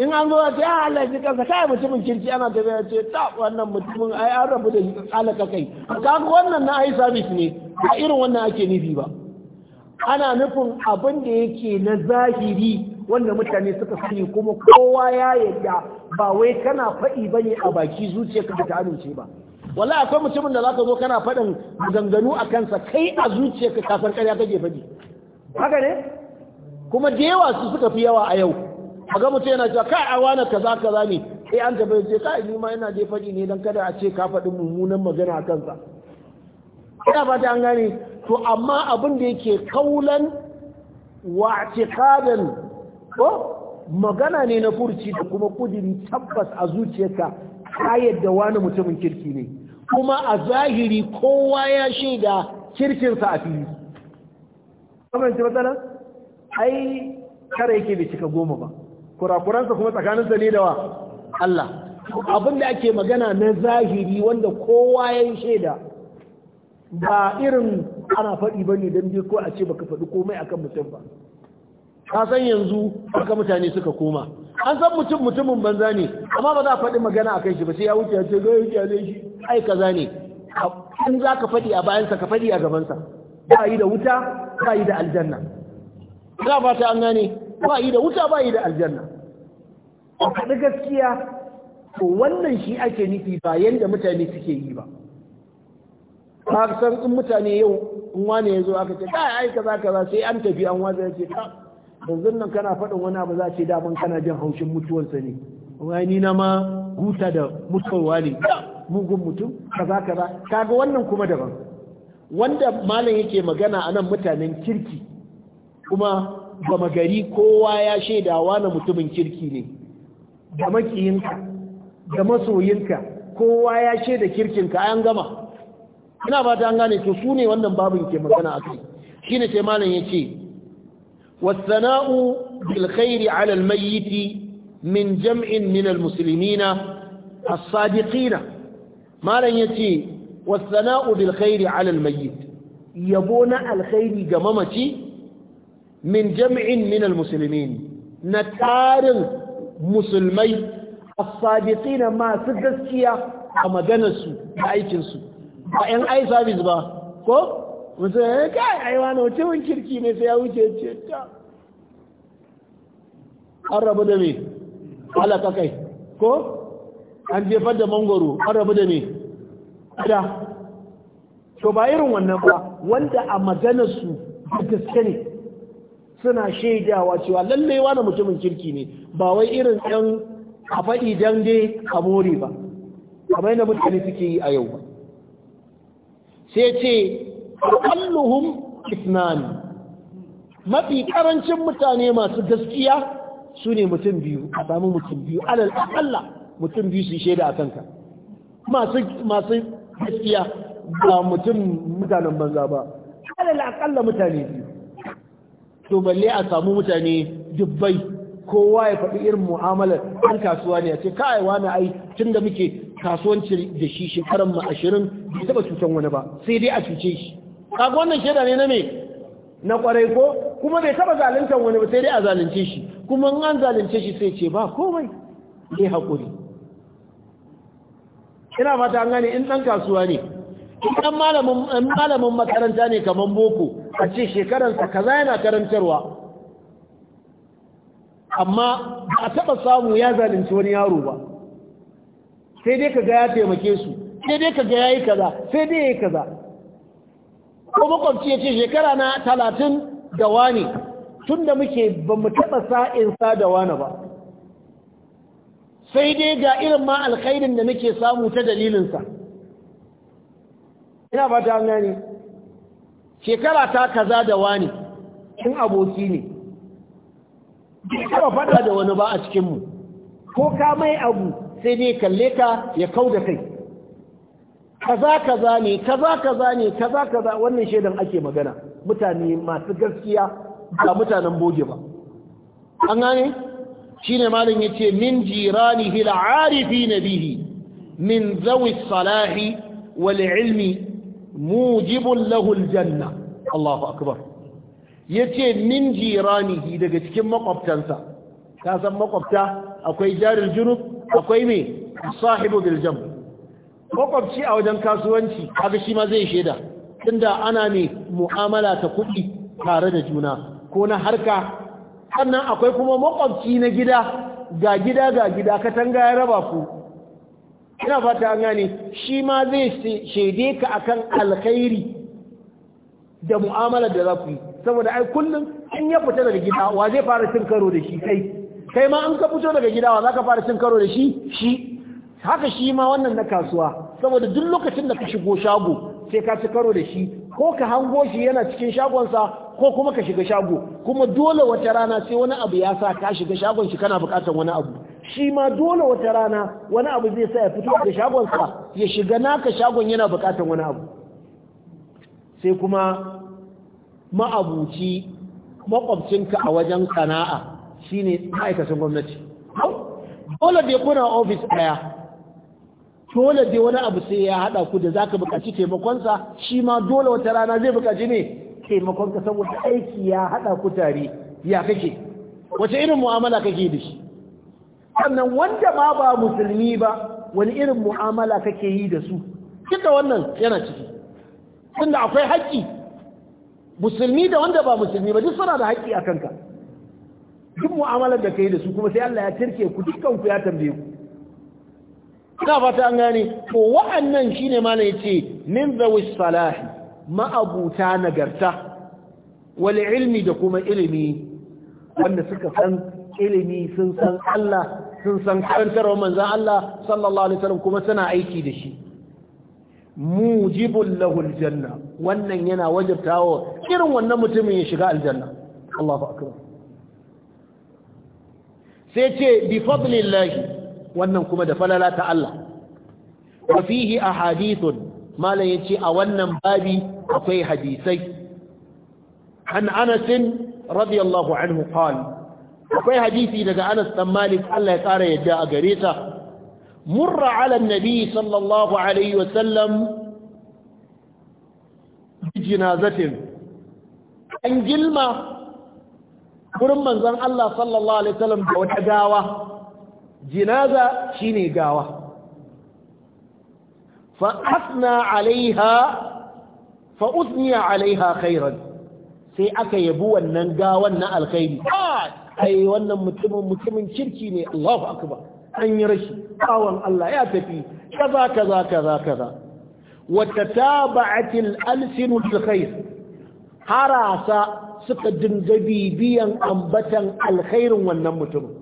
in an zo ta ah, ya Allah shi kansa kai mutumin kirki ana tafiya ya ce ta wannan mutumin ai an rabu da ka kai ga wannan na ai sabis ne ba irin wannan ake nufi ba ana nufin abin da yake na zahiri wanda mutane suka sani kuma kowa ya yadda ba wai kana faɗi ba ne a baki zuciya ka ta amince ba wala akwai mutumin da zaka zo kana faɗin maganganu a kansa kai a zuciyarka ka kasar ƙarya kake faɗi haka ne kuma da yawa su suka fi yawa a yau a ga mutum yana cewa kai a wani kaza kaza ne sai an tabbata ce kai ni ma yana je faɗi ne dan kada a ce ka faɗi mummunan magana a kansa ina fata an gane to amma abin da yake kaulan wa i'tiqadan ko magana ne na furci da kuma kudiri tabbas a zuciyarka ka yadda wani mutumin kirki ne kuma a zahiri kowa ya shaida kirkinsa a fili kamar ci matsala ai kare yake bai cika goma ba kurakuransa kuma tsakaninsa ne da wa Allah abin da ake magana na zahiri wanda kowa ya yi shaida ba irin ana faɗi ba ne don bi ko a ce baka faɗi komai akan mutum ba ka san yanzu aka mutane suka koma an san mutum mutumin banza ne amma ba za a faɗi magana akan shi ba sai ya wuce ya ce ga ya shi ai kaza ne in za ka faɗi a bayansa ka faɗi a gabansa ba yi da wuta ba yi da aljanna ina fata an gane ba yi da wuta ba yi da aljanna a kaɗa gaskiya to wannan shi ake nufi ba yadda mutane suke yi ba ba san in mutane yau in wane ya zo aka ce ka za kaza kaza sai an tafi an waza ya ce ta yanzu nan kana faɗin wani abu za ce daman kana jin haushin mutuwarsa ne Wani na ma huta da mutuwa ne mugun mutum kaza kaza ga wannan kuma daban wanda malam yake magana a nan mutanen kirki kuma gama gari kowa ya shaidawa na mutumin kirki ne da makiyinka da masoyinka kowa ya shaida kirkinka an gama ina ba ta gane to su ne wannan babin ke magana akai shine sai malam yace wasana'u bil khairi ala al mayyit min jam'in min al muslimina as-sadiqina malam yace wasana'u bil khairi ala al mayyit yabo na alkhairi ga mamaci min jam'in min almuslimin na tarin musulmai as-sadiqina masu gaskiya a maganarsu da aikinsu ba 'yan ai ba ko mutum ya eh, kai aiwa na mutumin kirki ne sai ya wuce ta an rabu da me halaka kai ko an jefar da mangoro an rabu da me da to ba irin wannan ba wanda a maganarsu da gaske ne suna shaidawa cewa lalle wani mutumin kirki ne ba wai irin ɗan a faɗi dan a mori ba kamar yadda mutane suke yi a yau ba sai ce alluhum isnani mafi karancin mutane masu gaskiya su ne mutum biyu a sami mutum biyu alal akalla mutum biyu su shaida a kanka masu gaskiya ba mutum mutanen banza ba alal akalla mutane biyu to balle a samu mutane dubbai kowa ya faɗi irin mu'amalar ɗan kasuwa ne a ce kai wani ai tun da muke kasuwanci da shi shekaran mu ashirin bai taɓa cutan wani ba sai dai a cuce shi kaga wannan shaida ne na me na kwarai ko kuma bai taɓa zaluntar wani ba sai dai a zalunce shi kuma in an zalunce shi sai ce ba komai dai haƙuri ina fata an gane in ɗan kasuwa ne dan malamin malamin makaranta ne kaman boko a ce sa kaza yana karantarwa amma ba a taɓa samu ya zalunci wani yaro ba sai dai kaga ya taimake su sai dai kaga yayi kaza sai dai yayi kaza ko makwabci ya ce shekara na talatin da wani tun da muke ba mu taɓa sa da wani ba sai dai ga irin ma alkhairin da muke samu ta dalilinsa ina ba ta gani shekara ta kaza da wani in aboki ne ba fada da wani ba a cikinmu ko ka mai abu sai dai kalle ka ya kau da kai kaza kaza ne kaza kaza ne kaza kaza wannan shaidan ake magana mutane masu gaskiya ga mutanen boge ba an gane shine malam yace min jiranihi na bihi min zawi salahi wal ilmi mujibun lahul janna Allahu akbar yace min jiranihi daga cikin makwabtansa ka san makwabta akwai jarir junub akwai me sahibu bil jam makwabci a wajen kasuwanci kaga shi ma zai sheda tunda ana ne mu'amala ta kuɗi tare da juna ko na harka sannan akwai kuma makwabci na gida ga gida ga gida katanga ya raba ku ina fata an gane shi ma zai shaide ka akan alkhairi da mu'amalar da za ku yi saboda ai kullum in ya fita daga gida wa zai fara cin karo da shi kai kai ma an ka fito daga gida wa za ka fara cin karo da shi shi haka shi ma wannan na kasuwa saboda duk lokacin da ka shigo shago sai ka ci karo da shi ko ka hango shi yana cikin shagonsa ko kuma ka shiga shago kuma dole wata rana sai wani abu ya sa ka shiga shagon shi kana bukatar wani abu shi ma dole wata rana wani abu zai sa ya fito da shagonsa ya shiga naka shagon yana bukatan wani abu sai kuma ma'abuci makwabcinka a wajen sana'a shine ma'aikacin gwamnati dole ya kuna ofis daya dole da wani abu sai ya hada ku da za ka bukaci taimakonsa shi ma dole wata rana zai bukaci ne taimakonka saboda aiki ya hada ku tare ya kake wace irin mu'amala kake da shi sannan wanda ma ba musulmi ba wani irin mu'amala kake yi da su duka wannan yana ciki tunda akwai haƙƙi musulmi da wanda ba musulmi ba duk suna da haƙƙi a kanka duk mu'amalar da ka yi da su kuma sai Allah ya tirke ku dukkan ku ya tambaye ku ina fata an gane to wa'annan shine mana yace min zawis salah ma'abuta nagarta wal ilmi da kuma ilimi wanda suka san ilimi sun san Allah sun san karantarwa manzan Allah sallallahu alaihi wasallam kuma suna aiki da shi mujibul lahul janna wannan yana wajabtawa irin wannan mutumin ya shiga aljanna Allahu akbar sai ce bi fadlillahi wannan kuma da falala ta Allah wa fihi ahadithun malan yace a wannan babi akwai hadisai an Anas radiyallahu anhu qala akwai hadisi daga Anas dan Malik Allah ya kara yadda a gare ta murra ala nabi sallallahu alaihi wa sallam jinazatin an gilma gurin manzon Allah sallallahu alaihi wa sallam da wata gawa jinaza shine gawa fa asna alaiha fa usniya alaiha khairan sai aka yabi wannan gawan na alkhairi ai wannan mutumin mutumin kirki ne Allahu akbar an yi rashi bawan Allah ya tafi kaza kaza kaza kaza wa tataba'at al-alsin bil khair harasa suka dinga bibiyan ambatan alkhairin wannan mutumin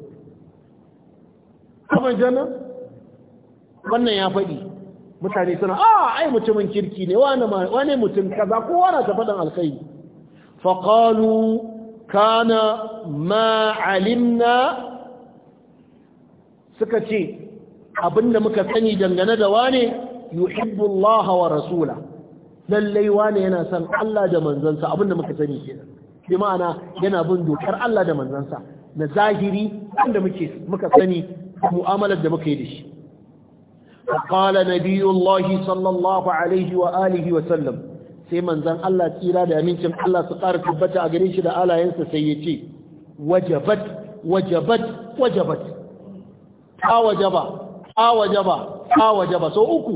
kuma jana wannan ya faɗi mutane suna a ah, ai mutumin kirki ne Wani mutum kaza kowa na ta faɗin alkhairi faqalu kana ma alimna suka ce abinda muka sani dangane da wane yuhibbu Allah wa rasula lallai wane yana son Allah da manzansa abinda muka sani kenan bi ma'ana yana bin dokar Allah da manzansa na zahiri wanda muke muka sani mu'amalar da muka yi da shi qala nabiyullahi sallallahu alaihi wa alihi wa sallam sai manzan Allah tsira da amincin Allah su ƙara tabbata a gare shi da alayensa sai ya ce wajabat wajabat wajabat ta wajaba ta wajaba ta wajaba sau uku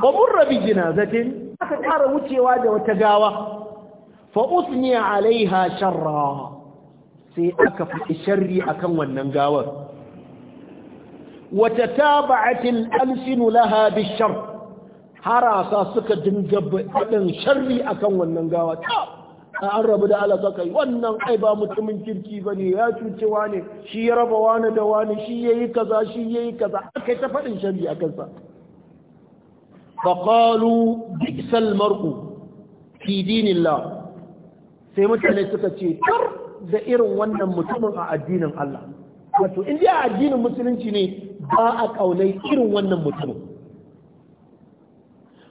babun rabi jinazatin aka ƙara wucewa da wata gawa fa usniya alaiha sharra sai aka faɗi sharri akan wannan gawar wata tabatin alsinu laha bishar harasa suka dinga faɗin sharri akan wannan gawa an rabu da Allah zaka wannan ai ba mutumin kirki ba ne ya cucewa ne shi ya raba wani da wani shi ya yi kaza shi ya yi kaza aka ta faɗin shari a kansa faƙalu bisal marku fi dinillah sai mutane suka ce tar da irin wannan mutumin a addinin Allah wato in a addinin musulunci ne ba a ƙaunai irin wannan mutumin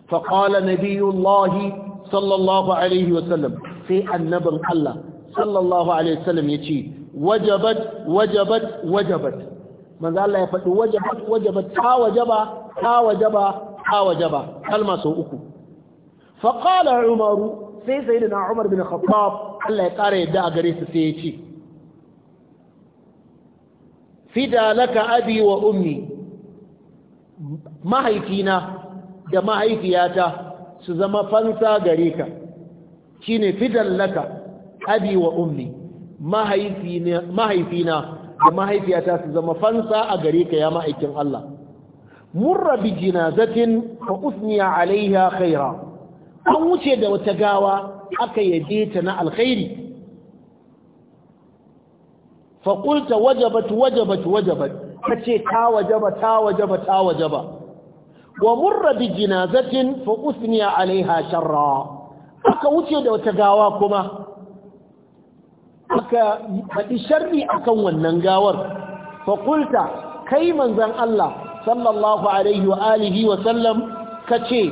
فقال نبي الله صلى الله عليه وسلم في النبي الله صلى الله عليه وسلم يتي وجبت وجبت وجبت من قال الله يفعل وجبت وجبت ها وجبا ها وجبا ها وجبا كلمة سوءك فقال عمر في سيدنا عمر بن الخطاب الله يقاري يدعى قريسة سيتي فدا لك أبي وأمي ما فينا da mahaifiyata su zama fansa gare ka shine fidan laka abi wa ummi mahaifina da mahaifiyata su zama fansa a gare ka ya ma'aikin Allah murra bi jinazatin fa usniya alaiha khaira an wuce da wata gawa aka yabe ta na alkhairi fa qulta wajabat wajabat wajabat kace ta wajaba ta wajaba ta wajaba wa murra bi jinazatin fa usniya alaiha sharra aka wuce da wata gawa kuma aka faɗi sharri akan wannan gawar fa qulta kai manzon Allah sallallahu alaihi wa alihi wa sallam kace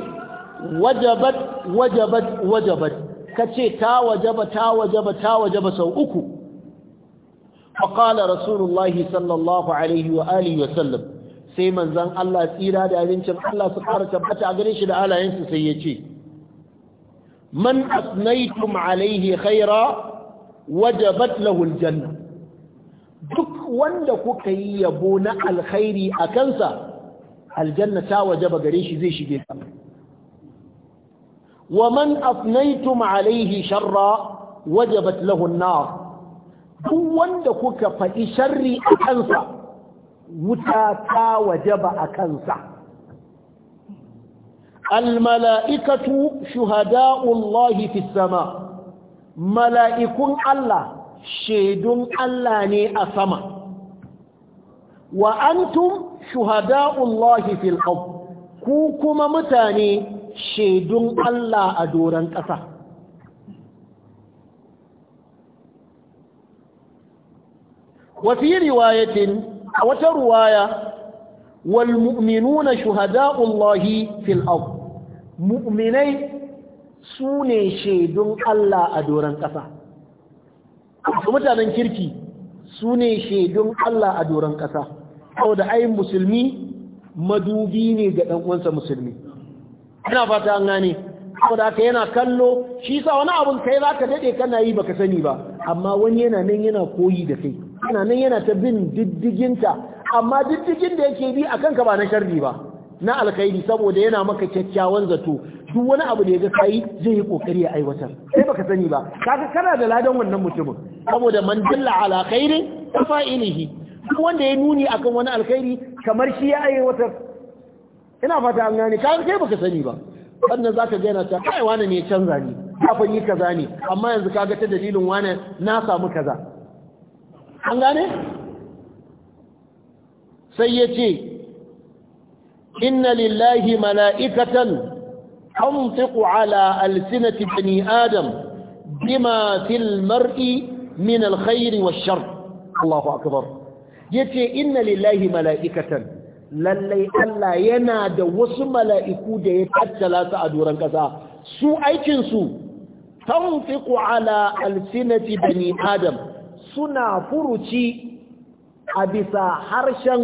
wajabat wajabat wajabat kace ta wajaba ta wajaba ta wajaba sau uku فقال رسول الله صلى الله عليه وآله وسلم sai manzan Allah tsira da abincin Allah su fara tabbata a gare shi da halayensu sai ya ce man asnaitum alaihi khaira wajabat lahu janna. duk wanda kuka yi yabo na alkhairi a kansa aljanna ta wajaba gare shi zai shige ta wa man asnaitum alaihi sharra wajabat lahu an duk wanda kuka faɗi sharri a kansa wuta ta wajaba a kansa almala'ikatu shuhada'ullahi fi sama mala'ikun Allah shaidun Allah ne a sama wa antum shuhada'ullahi fil ard ku kuma mutane shaidun Allah a doron ƙasa وفي riwayatin a wata ruwaya wal mu'minuna shuhada'ullahi fil ard mu'minai su ne shaidun Allah a doron ƙasa mutanen kirki su ne shaidun Allah a doron ƙasa saboda ai musulmi madubi ne ga ɗanuwansa musulmi ina fata an gane saboda yana kallo shi sa wani abun kai zaka dade kana yi baka sani ba amma wani yana nan yana koyi da kai ana nan yana ta bin diddiginta amma diddigin da yake bi akan ka ba na sharri ba na alkhairi saboda yana maka kyakkyawan zato duk wani abu da ya ga kai zai yi kokari ya aiwatar sai baka sani ba kaga kana da ladan wannan mutumin saboda man dilla ala khairin fa'ilihi duk wanda ya nuni akan wani alkhairi kamar shi ya aiwatar ina fata an gane kaga sai baka sani ba wannan zaka ga yana ta kai wani ne canza ni kafin yi kaza ne amma yanzu kaga ta dalilin wani na samu kaza an gane sai ya ce inna lillahi mala'ikatan hamtiku ala alsinati bani adam bima fil mar'i min alkhairi wa shar Allahu akbar yace inna lillahi mala'ikatan lallai Allah yana da wasu mala'iku da ya tattala su a doron ƙasa su aikinsu tanfiku ala alsinati bani adam suna furuci a bisa harshen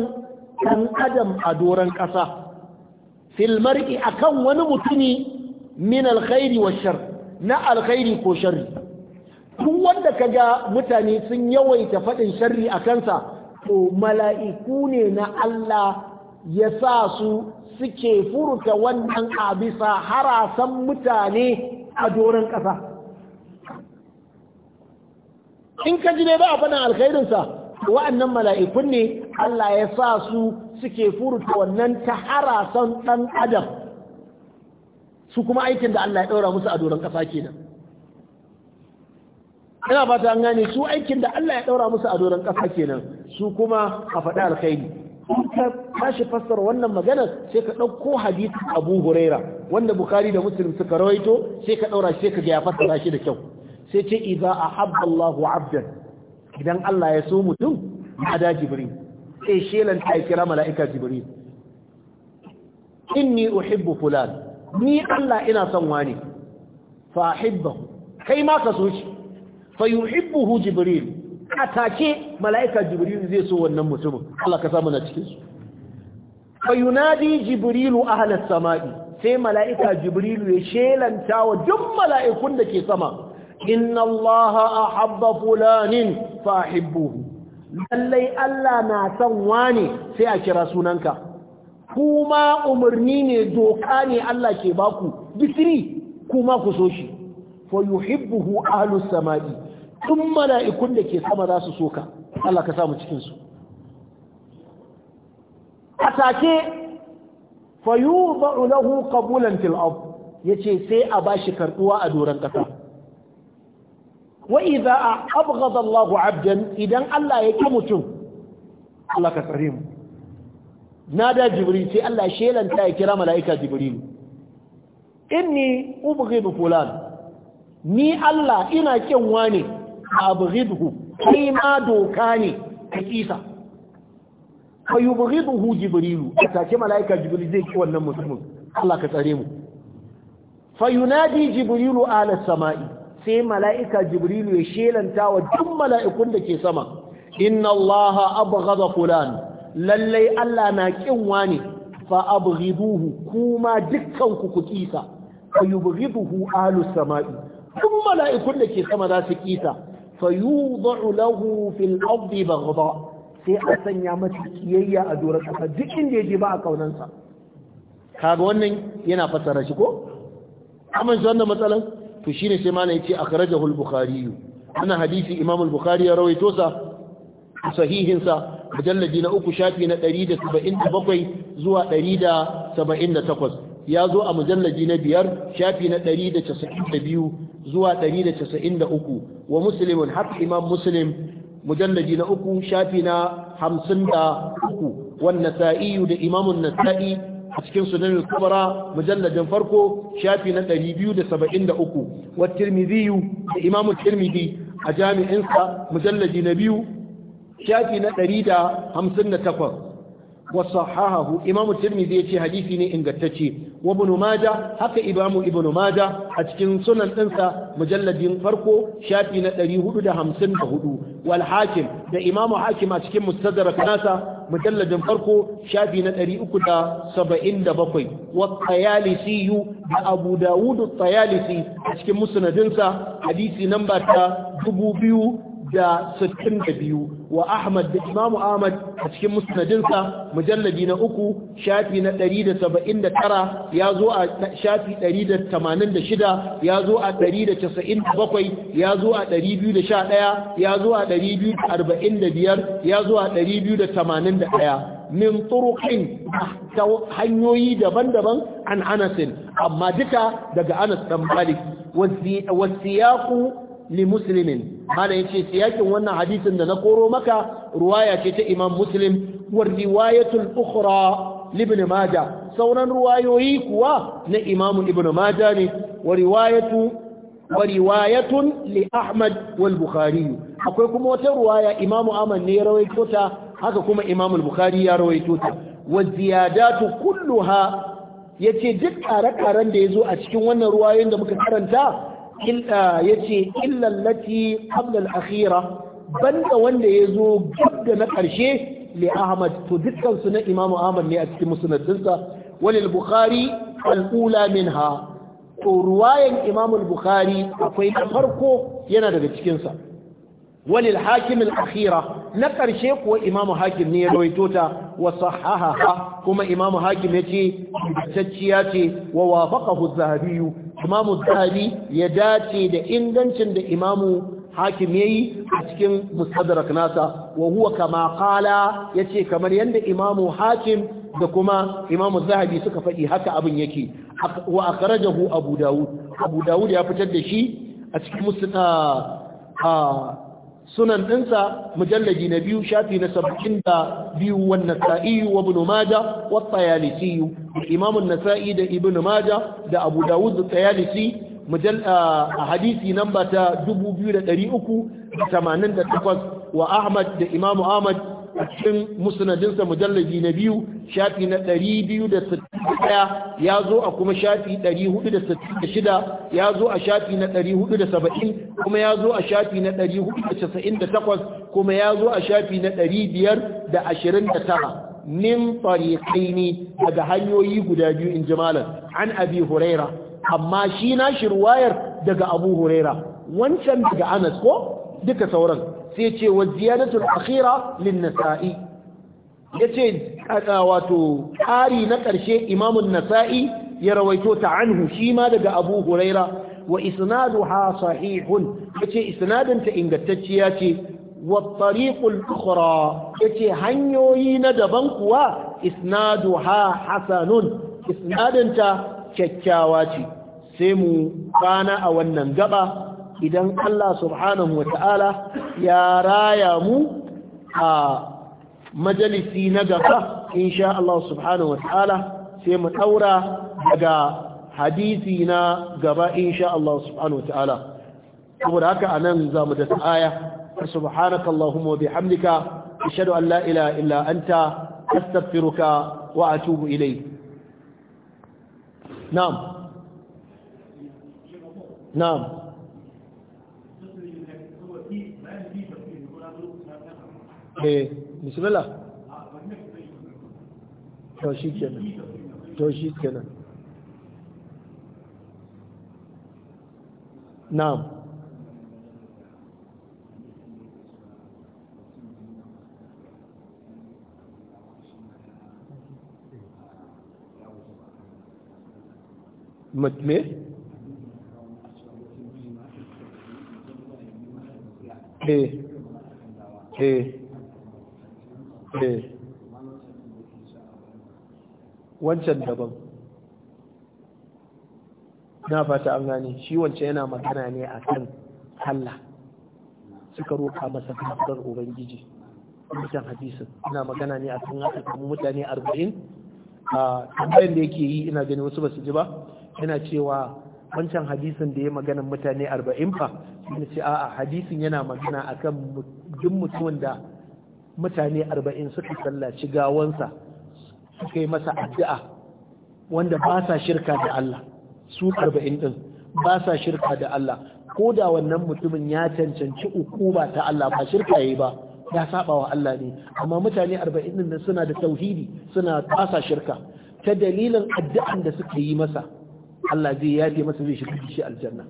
ɗan adam a doron ƙasa filmar'i a kan wani mutumi min alkhairi wa shar na alkhairi ko shari. duk wanda ka ga mutane sun yawaita faɗin shari a kansa to mala'iku ne na Allah ya sa su suke furuta wannan a bisa harasan mutane a doron ƙasa in ka ji dai ba a faɗin alkhairinsa wa'annan mala'ikun ne Allah ya sa su suke furta wannan ta harasan ɗan adam su kuma aikin da Allah ya ɗaura musu a doron ƙasa kenan ina ba ta gane su aikin da Allah ya ɗaura musu a doron ƙasa kenan su kuma a faɗi alkhairi in ka tashi fassara wannan maganar sai ka ɗauko hadisi abu huraira wanda Bukhari da muslim suka rawaito sai ka ɗaura sai ka ga ya fassara shi da kyau sai ce idza a Allahu 'abdan idan Allah ya so mutum ada jibril sai shelan ta kira mala'ika In ni uhibbu fulan ni Allah ina son wani fa uhibbahu kai ma ka so shi fa yuhibbuhu jibril atake mala'ika jibril zai so wannan mutumin Allah ka samu na cikin su fa yunadi jibrilu ahla samai sai mala'ika jibrilu ya shelanta wa duk mala'ikun da ke sama inna allaha habba fulanin fahibbu lallai allah na san wani sai a kira sunanka kuma umarni ne doka ne allah ke baku bisiri kuma ku so shi fa yuhibbuhu ahlu samadi tun mala'ikun da ke sama za su soka allah ka samu cikinsu a take fa yuzu lahu qabulan til ard yace sai a bashi karɓuwa a doron ƙasa. wa idza abghada Allahu 'abdan idan Allah ya ki mutum Allah ka tsare mu nada jibril sai Allah shelanta ya kira malaika jibril inni ubghidu fulan ni Allah ina kin wani abghidhu kai ma doka ne hakika fa yubghiduhu jibril take malaika jibril zai ki wannan mutumin Allah ka tsare mu fa yunadi jibril ala samai sai mala'ika jibrilu ya shelanta wa duk mala'ikun da ke sama inna allaha abghadha fulan lallai Allah na ƙinwa ne fa abghiduhu kuma dukkan ku ku kisa fa yubghiduhu sama'i duk mala'ikun da ke sama za su kisa fa yudhu lahu fil ardi sai a sanya masa kiyayya a doron ƙasa duk inda ya je ba a kaunansa kaga wannan yana fassara shi ko amma shi wannan matsalan to ne sai mana ya ce yace akhrajahu al-bukhari ana hadisi imam al-bukhari ya rawaito sa sahihin sa mujalladi na uku shafi na 177 zuwa 178 ya zo a mujalladi na biyar shafi na 192 zuwa 193 wa musulmin har imam musulmin mujalladi na uku shafi na 53 Wannan nasa'i da imam an-nasa'i a cikin sunan al-kubra mujalladin farko shafi na 273 wa tirmidhi da imam tirmidhi a jami'insa mujalladi na biyu shafi na 158 wa sahahahu imam tirmidhi yace hadisi ne ingantacce wa ibn majah haka imamu ibn majah a cikin sunan ɗinsa mujalladin farko shafi na 454 wal hakim da imamu hakim a cikin mustadrak nasa mujalladin farko shafi na 377 wa tayalisi da abu dawud tayalisi a cikin musnadinsa hadisi namba ta 2000 da sittin da biyu wa Ahmad da Imam Ahmad a cikin musnadinsa mujallabi na uku shafi na ɗari da saba'in da tara ya zo a shafi ɗari da tamanin da shida ya zo a ɗari da casa'in da bakwai ya zo a ɗari biyu da sha ɗaya ya zo a ɗari biyu da arba'in da biyar ya zo a ɗari biyu da tamanin da ɗaya min turuqin ah, ta hanyoyi daban-daban an anasin amma duka daga anas dan malik wasiyaqu li muslimin hada yace siyakin wannan hadisin da na koro maka ruwaya ce ta imam muslim wa riwayatul ukhra ibn maja sauran ruwayoyi kuwa na imam ibn maja ne wa riwayatu wa riwayatun li ahmad wal bukhari akwai kuma wata ruwaya imam ahmad ne rawaito ta haka kuma imam al-bukhari ya rawaito ta wa ziyadatu kulluha yace duk ƙare-ƙaren da ya zo a cikin wannan ruwayoyin da muka karanta ya ce illallati qablal akhira banda wanda ya zo gab da na ƙarshe li ahmad to dukkan su na imam ahmad ne a cikin musnadinsa walil bukhari al-ula minha to ruwayan imamul al-bukhari akwai na farko yana daga cikin sa walil hakim al-akhira na ƙarshe kuwa imam hakim ne ya rawaito ta wa sahaha kuma imamu hakim yace tacciya ce wa wafaqahu az-zahabi imamu zahabi ya dace da ingancin da imamu hakim yayi a cikin mustadrak nasa wa huwa kama qala yace kamar yanda imamu hakim da kuma imamu zahabi suka faɗi haka abin yake wa akhrajahu abu daud abu daud ya fitar da shi a cikin mustadrak sunan ɗinsa mujallaji na biyu shafi na saba'in da biyu wan nasa'i wa ibn maja wa tayalisi imam nasai da ibn maja da abu dawud da tayalisi a hadisi namba ta 2388 wa ahmad da imam ahmad a cikin musnadinsa mujallaji na biyu shafi na 261 ya zo a kuma shafi 466 ya zo a shafi na 470 kuma ya zo a shafi na 498 kuma ya zo a shafi na 529 min ne daga hanyoyi guda biyu in jimalan an abi huraira amma shi na shirwayar daga abu huraira wancan daga anas ko duka sauran sai ce wa ziyadatul akhira lin nasa'i yace wato ƙari na ƙarshe imamun nasa'i ya rawaito ta anhu shi ma daga abu huraira wa isnaduha sahihun yace isnadin ta ingantacciya ce wa tariqul ukhra yace hanyoyi na daban kuwa isnaduha hasanun isnadin ta kyakkyawa ce sai mu kana a wannan gaba idan Allah subhanahu wa ta'ala ya raya mu a majalisi na gaba insha Allah subhanahu wa ta'ala sai mu daura daga hadisi na gaba insha Allah subhanahu wa ta'ala saboda haka anan zamu da aya subhanaka allahumma wa bihamdika ashhadu an la illa anta astaghfiruka wa atubu ilai na'am na'am e bismillah to shi kenan to shi kenan na'am me eh eh Eh. wancan daban na fata an gane shi wancan yana magana ne a kan Allah suka roƙa masa kafar ubangiji wancan hadisin ina magana ne a kan aka mutane arba'in a tambayin da yake yi ina gani wasu basu ji ba yana cewa wancan hadisin da ya magana mutane arba'in fa yana ce a'a hadisin yana magana akan duk mutumin da mutane arba'in suka sallaci gawansa suka yi masa addu'a wanda ba sa shirka da Allah su arba'in ɗin ba sa shirka da Allah ko da wannan mutumin ya cancanci ukuba ta Allah ba shirka yayi ba ya saba wa Allah ne amma mutane arba'in ɗin suna da tauhidi suna ba sa shirka ta dalilin addu'an da suka yi masa Allah zai yaje masa zai shirka shi aljanna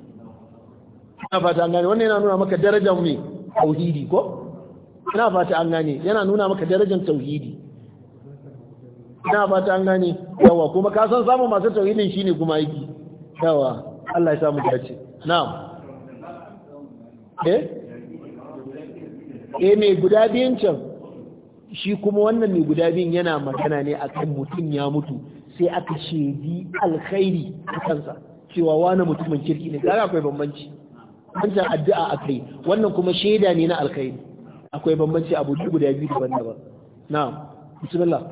ina fata gane wannan yana nuna maka darajar ne tauhidi ko ina fata an gane yana nuna maka darajar tauhidi ina fata an gane yawa kuma ka san samun masu tauhidin shine kuma aiki yawa Allah ya samu dace na'am eh eh me guda biyan can shi kuma wannan ne guda biyan yana magana ne akan mutum ya mutu sai aka shedi alkhairi a kansa cewa wani mutumin kirki ne kaga akwai bambanci wancan addu'a akai wannan kuma shaida ne na alkhairi akwai bambanci abu guda biyu daban-daban na'am bismillah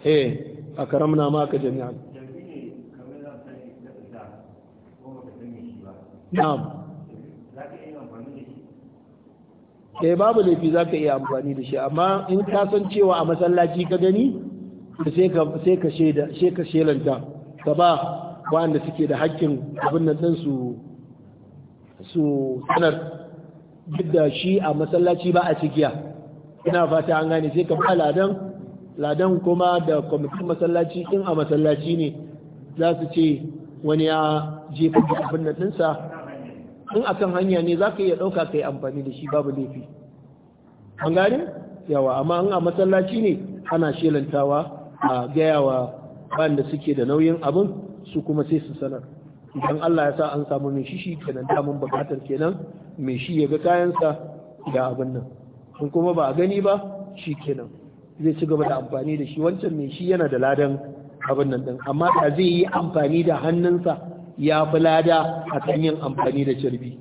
eh ma maka jami'a. na'am eh babu laifi za ka iya amfani da shi amma in ka san cewa a masallaci ka gani sai ka sai ka sheda sai ka shelanta ka ba wanda suke da hakkin abin nan su su sanar duk da shi a masallaci ba a cikiya ina fata an gane sai ka ba ladan ladan kuma da kwamitin masallaci in a masallaci ne za su ce wani ya jefa da abin da ɗinsa in akan hanya ne za ka iya ɗauka ka yi amfani da shi babu laifi an gane yawa amma in a masallaci ne ana shelantawa a gayawa wanda suke da nauyin abin su kuma sai su sanar idan Allah ya sa an samu mai shi shi kenan damun bukatar kenan mai shi ya ga kayansa da abin nan in kuma ba a gani ba shi kenan zai ci gaba da amfani da shi wancan mai shi yana da ladan abin nan din amma da zai yi amfani da hannunsa ya fi lada a kan yin amfani da carbi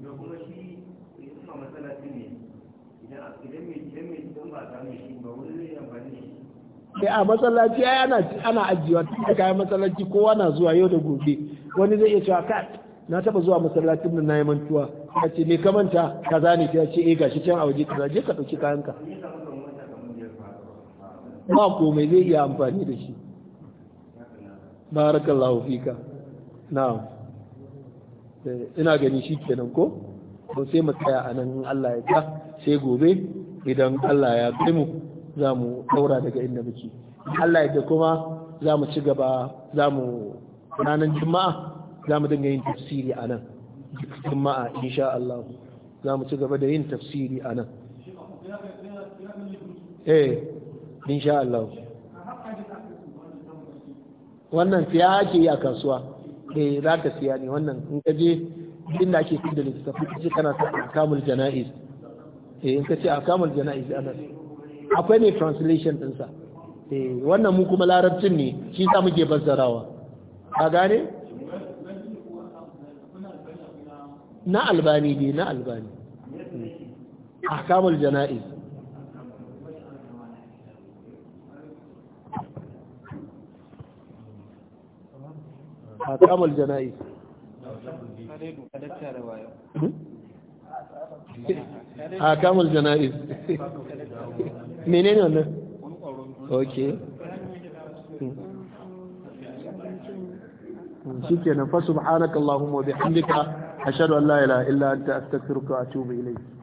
sai eh, a masallaci ai ana ana ajiyewa tun da kayan masallaci kowa na zuwa yau da gobe wani zai iya cewa kat na taba zuwa masallacin nan nayi mantuwa ka ce me ka manta kaza ne ta ce eh gashi can a waje kaza je ka dauki kayanka ba komai zai iya amfani da shi barakallahu fika na'am eh, ina gani shi kenan ko to sai mu tsaya anan Allah ya ta sai gobe idan Allah ya kai mu za mu daura daga inda muke Allah ya kuma za mu ci gaba za mu ranar juma'a za mu dinga yin tafsiri a nan juma'a insha Allah za mu ci gaba da yin tafsiri a nan eh insha Allah wannan siya ake yi a kasuwa eh za ka siya ne wannan in ka je inda ake fi da littafi kace kana sa kamul jana'iz eh in ka ce a kamul jana'iz ana akwai mai translation ɗinsa eh, wannan mu kuma larabcin ne shi sa muke fassarawa a gane na albani ne na albani A hmm. a jana'iz jana'i jana'iz hmm? kamar jana'iz menene wannan ok shikenan fa subhanakallahumma wa bihamdika ashhadu an la ilaha illa anta astaghfiruka wa atubu ilayk